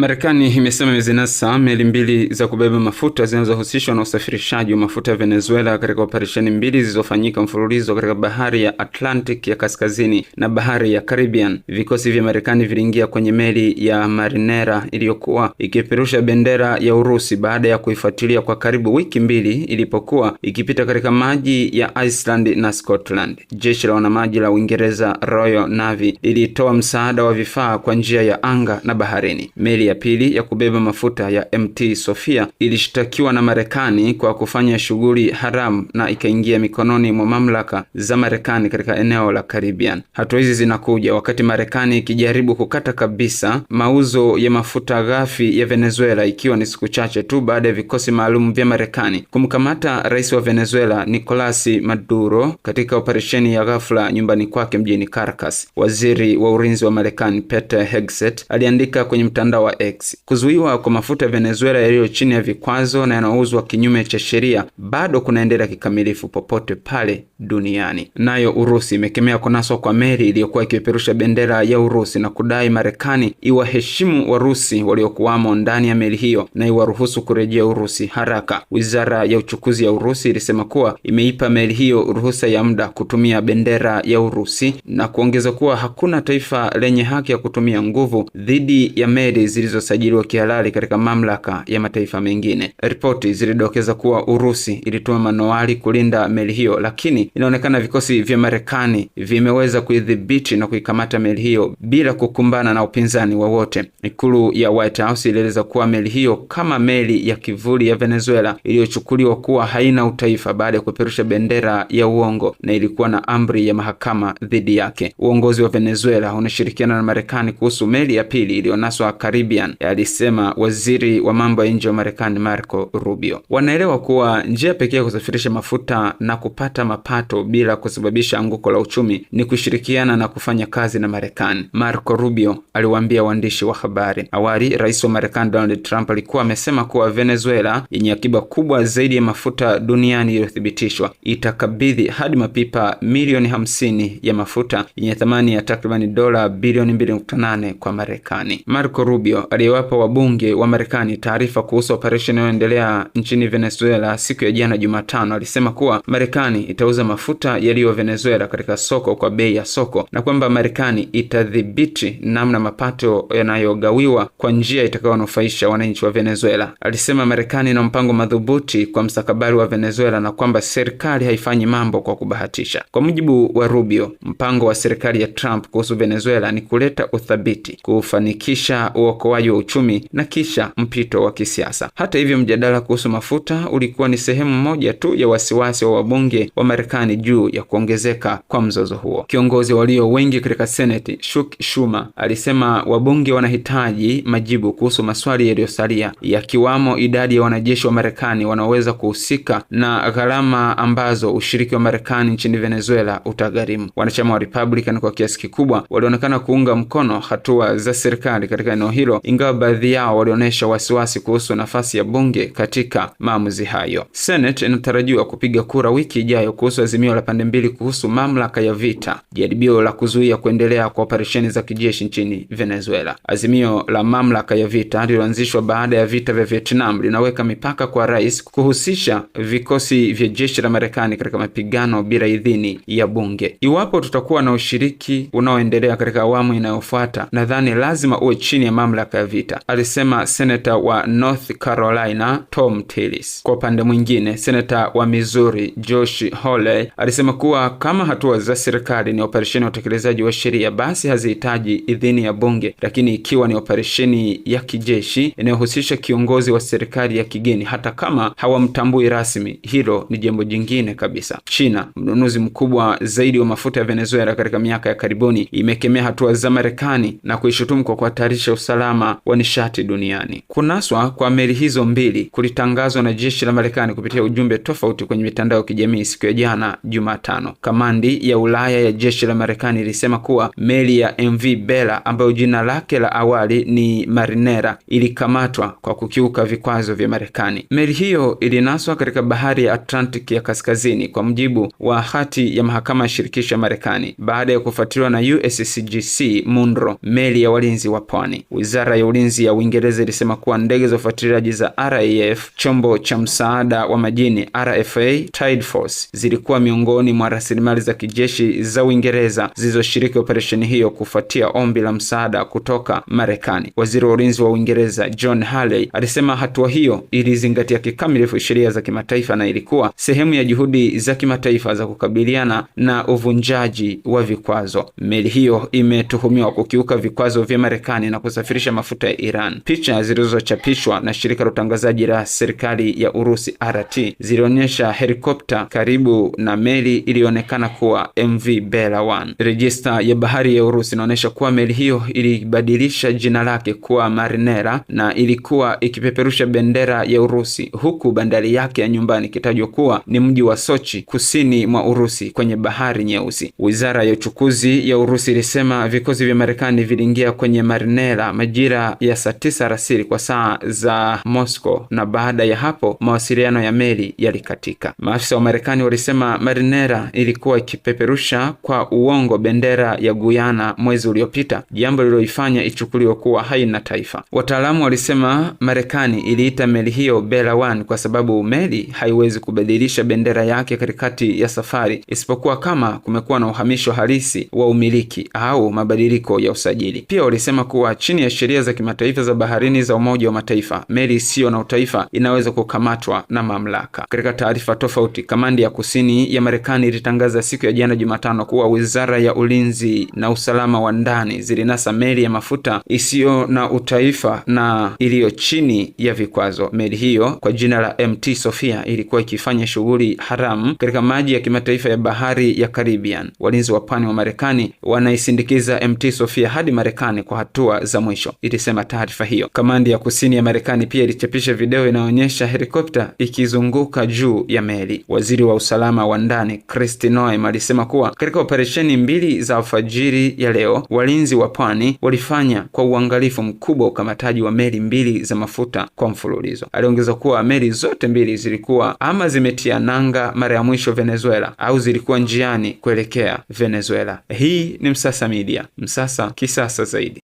Marekani imesema imezinasa meli mbili za kubeba mafuta zinazohusishwa na usafirishaji wa mafuta ya Venezuela katika operesheni mbili zilizofanyika mfululizo katika bahari ya Atlantic ya kaskazini na bahari ya Caribbean. Vikosi vya Marekani viliingia kwenye meli ya Marinera iliyokuwa ikipeperusha bendera ya Urusi baada ya kuifuatilia kwa karibu wiki mbili ilipokuwa ikipita katika maji ya Iceland na Scotland. Jeshi la wanamaji la Uingereza Royal Navy lilitoa msaada wa vifaa kwa njia ya anga na baharini. Meli ya pili ya kubeba mafuta ya MT Sofia ilishtakiwa na Marekani kwa kufanya shughuli haramu na ikaingia mikononi mwa mamlaka za Marekani katika eneo la Caribbean. Hatua hizi zinakuja wakati Marekani ikijaribu kukata kabisa mauzo ya mafuta ghafi ya Venezuela, ikiwa ni siku chache tu baada ya vikosi maalum vya Marekani kumkamata rais wa Venezuela Nicolas Maduro katika operesheni ya ghafla nyumbani kwake mjini Caracas. Waziri wa ulinzi wa Marekani Pete Hegseth aliandika kwenye mtandao wa X. Kuzuiwa kwa mafuta ya Venezuela yaliyo chini ya vikwazo na yanayouzwa kinyume cha sheria bado kunaendelea kikamilifu popote pale duniani. Nayo Urusi imekemea kunaswa kwa meli iliyokuwa ikipeperusha bendera ya Urusi na kudai Marekani iwaheshimu Warusi waliokuwamo ndani ya meli hiyo na iwaruhusu kurejea Urusi haraka. Wizara ya uchukuzi ya Urusi ilisema kuwa imeipa meli hiyo ruhusa ya muda kutumia bendera ya Urusi na kuongeza kuwa hakuna taifa lenye haki ya kutumia nguvu dhidi ya meli zilizosajiliwa kihalali katika mamlaka ya mataifa mengine. Ripoti zilidokeza kuwa Urusi ilituma manowari kulinda meli hiyo, lakini inaonekana vikosi vya Marekani vimeweza kuidhibiti na kuikamata meli hiyo bila kukumbana na upinzani wowote. Ikulu ya White House ilieleza kuwa meli hiyo kama meli ya kivuli ya Venezuela iliyochukuliwa kuwa haina utaifa baada ya kupeperusha bendera ya uongo na ilikuwa na amri ya mahakama dhidi yake. Uongozi wa Venezuela unashirikiana na Marekani kuhusu meli ya pili iliyonaswa karibu Caribbean, alisema waziri wa mambo ya nje wa Marekani Marco Rubio. Wanaelewa kuwa njia pekee ya kusafirisha mafuta na kupata mapato bila kusababisha anguko la uchumi ni kushirikiana na kufanya kazi na Marekani, Marco Rubio aliwaambia waandishi wa habari. Awali rais wa Marekani Donald Trump alikuwa amesema kuwa Venezuela yenye akiba kubwa zaidi ya mafuta duniani iliyothibitishwa itakabidhi hadi mapipa milioni hamsini ya mafuta yenye thamani ya takribani dola bilioni 2.8 kwa Marekani. Marco Rubio aliyewapa wabunge wa Marekani taarifa kuhusu operesheni inayoendelea nchini Venezuela siku ya jana Jumatano, alisema kuwa Marekani itauza mafuta yaliyo Venezuela katika soko kwa bei ya soko na kwamba Marekani itadhibiti namna mapato yanayogawiwa kwa njia itakayonufaisha wananchi wa Venezuela. Alisema Marekani ina mpango madhubuti kwa mstakabali wa Venezuela na kwamba serikali haifanyi mambo kwa kubahatisha. Kwa mujibu wa Rubio, mpango wa serikali ya Trump kuhusu Venezuela ni kuleta uthabiti, kufanikisha uoko uokoaji wa uchumi na kisha mpito wa kisiasa. Hata hivyo, mjadala kuhusu mafuta ulikuwa ni sehemu moja tu ya wasiwasi wa wabunge wa Marekani juu ya kuongezeka kwa mzozo huo. Kiongozi walio wengi katika Seneti, Chuck Schumer, alisema wabunge wanahitaji majibu kuhusu maswali yaliyosalia yakiwamo idadi ya wanajeshi wa Marekani wanaoweza kuhusika na gharama ambazo ushiriki wa Marekani nchini Venezuela utagharimu. Wanachama wa Republican kwa kiasi kikubwa walionekana kuunga mkono hatua za serikali katika eneo hilo ingawa baadhi yao walionyesha wasiwasi kuhusu nafasi ya bunge katika maamuzi hayo. Senate inatarajiwa kupiga kura wiki ijayo kuhusu azimio la pande mbili kuhusu mamlaka ya vita, jaribio la kuzuia kuendelea kwa operesheni za kijeshi nchini Venezuela. Azimio la mamlaka ya vita lililoanzishwa baada ya vita vya Vietnam linaweka mipaka kwa rais kuhusisha vikosi vya jeshi la Marekani katika mapigano bila idhini ya bunge. Iwapo tutakuwa na ushiriki unaoendelea katika awamu inayofuata, nadhani lazima uwe chini ya mamlaka madaraka ya vita, alisema seneta wa North Carolina Tom Tillis. Kwa upande mwingine, seneta wa Missouri Josh Hawley alisema kuwa kama hatua za serikali ni operesheni ya utekelezaji wa sheria, basi hazihitaji idhini ya bunge, lakini ikiwa ni operesheni ya kijeshi inayohusisha kiongozi wa serikali ya kigeni, hata kama hawamtambui rasmi, hilo ni jambo jingine kabisa. China, mnunuzi mkubwa zaidi wa mafuta ya Venezuela katika miaka ya karibuni, imekemea hatua za Marekani na kuishutumu kwa kuhatarisha usalama usalama wa nishati duniani. Kunaswa kwa meli hizo mbili kulitangazwa na jeshi la Marekani kupitia ujumbe tofauti kwenye mitandao ya kijamii siku ya jana Jumatano. Kamandi ya Ulaya ya jeshi la Marekani ilisema kuwa meli ya MV Bella ambayo jina lake la awali ni Marinera ilikamatwa kwa kukiuka vikwazo vya Marekani. Meli hiyo ilinaswa katika bahari ya Atlantic ya kaskazini kwa mujibu wa hati ya mahakama ya shirikisho ya Marekani baada ya kufuatiliwa na USCGC Munro, meli ya walinzi wa pwani. Wizara idara ya Ulinzi ya Uingereza ilisema kuwa ndege za ufuatiliaji za RAF, chombo cha msaada wa majini RFA Tide Force, zilikuwa miongoni mwa rasilimali za kijeshi za Uingereza zilizoshiriki operesheni hiyo kufuatia ombi la msaada kutoka Marekani. Waziri wa Ulinzi wa Uingereza John Harley alisema hatua hiyo ilizingatia kikamilifu sheria za kimataifa na ilikuwa sehemu ya juhudi za kimataifa za kukabiliana na uvunjaji wa vikwazo. Meli hiyo imetuhumiwa kukiuka vikwazo vya Marekani na kusafirisha cha mafuta ya Iran. Picha zilizochapishwa na shirika la utangazaji la serikali ya Urusi RT zilionyesha helikopta karibu na meli iliyoonekana kuwa MV Bella 1. Rejista ya bahari ya Urusi inaonyesha kuwa meli hiyo ilibadilisha jina lake kuwa Marinera na ilikuwa ikipeperusha bendera ya Urusi, huku bandari yake ya nyumbani ikitajwa kuwa ni mji wa Sochi kusini mwa Urusi kwenye bahari Nyeusi. Wizara ya uchukuzi ya Urusi ilisema vikosi vya Marekani viliingia kwenye Marinera maji majira ya saa tisa alasiri kwa saa za Moscow, na baada ya hapo mawasiliano ya meli yalikatika. Maafisa wa Marekani walisema marinera ilikuwa ikipeperusha kwa uongo bendera ya Guyana mwezi uliopita, jambo lililoifanya ichukuliwe kuwa haina taifa. Wataalamu walisema Marekani iliita meli hiyo Bella One kwa sababu meli haiwezi kubadilisha bendera yake katikati ya safari, isipokuwa kama kumekuwa na uhamisho halisi wa umiliki au mabadiliko ya usajili. Pia walisema kuwa chini ya sheria za kimataifa za baharini za Umoja wa Mataifa, meli isiyo na utaifa inaweza kukamatwa na mamlaka. Katika taarifa tofauti, kamandi ya kusini ya Marekani ilitangaza siku ya jana Jumatano kuwa wizara ya ulinzi na usalama wa ndani zilinasa meli ya mafuta isiyo na utaifa na iliyo chini ya vikwazo. Meli hiyo kwa jina la MT Sofia ilikuwa ikifanya shughuli haramu katika maji ya kimataifa ya bahari ya Caribbean. Walinzi wa pwani wa Marekani wanaisindikiza MT Sofia hadi Marekani kwa hatua za mwisho ilisema taarifa hiyo. Kamandi ya kusini ya Marekani pia ilichapisha video inayoonyesha helikopta ikizunguka juu ya meli. Waziri wa usalama wa ndani Kristi Noem alisema kuwa katika operesheni mbili za alfajiri ya leo, walinzi wa pwani walifanya kwa uangalifu mkubwa ukamataji wa meli mbili za mafuta kwa mfululizo. Aliongeza kuwa meli zote mbili zilikuwa ama zimetia nanga mara ya mwisho Venezuela au zilikuwa njiani kuelekea Venezuela. Hii ni Msasa Media, Msasa kisasa zaidi.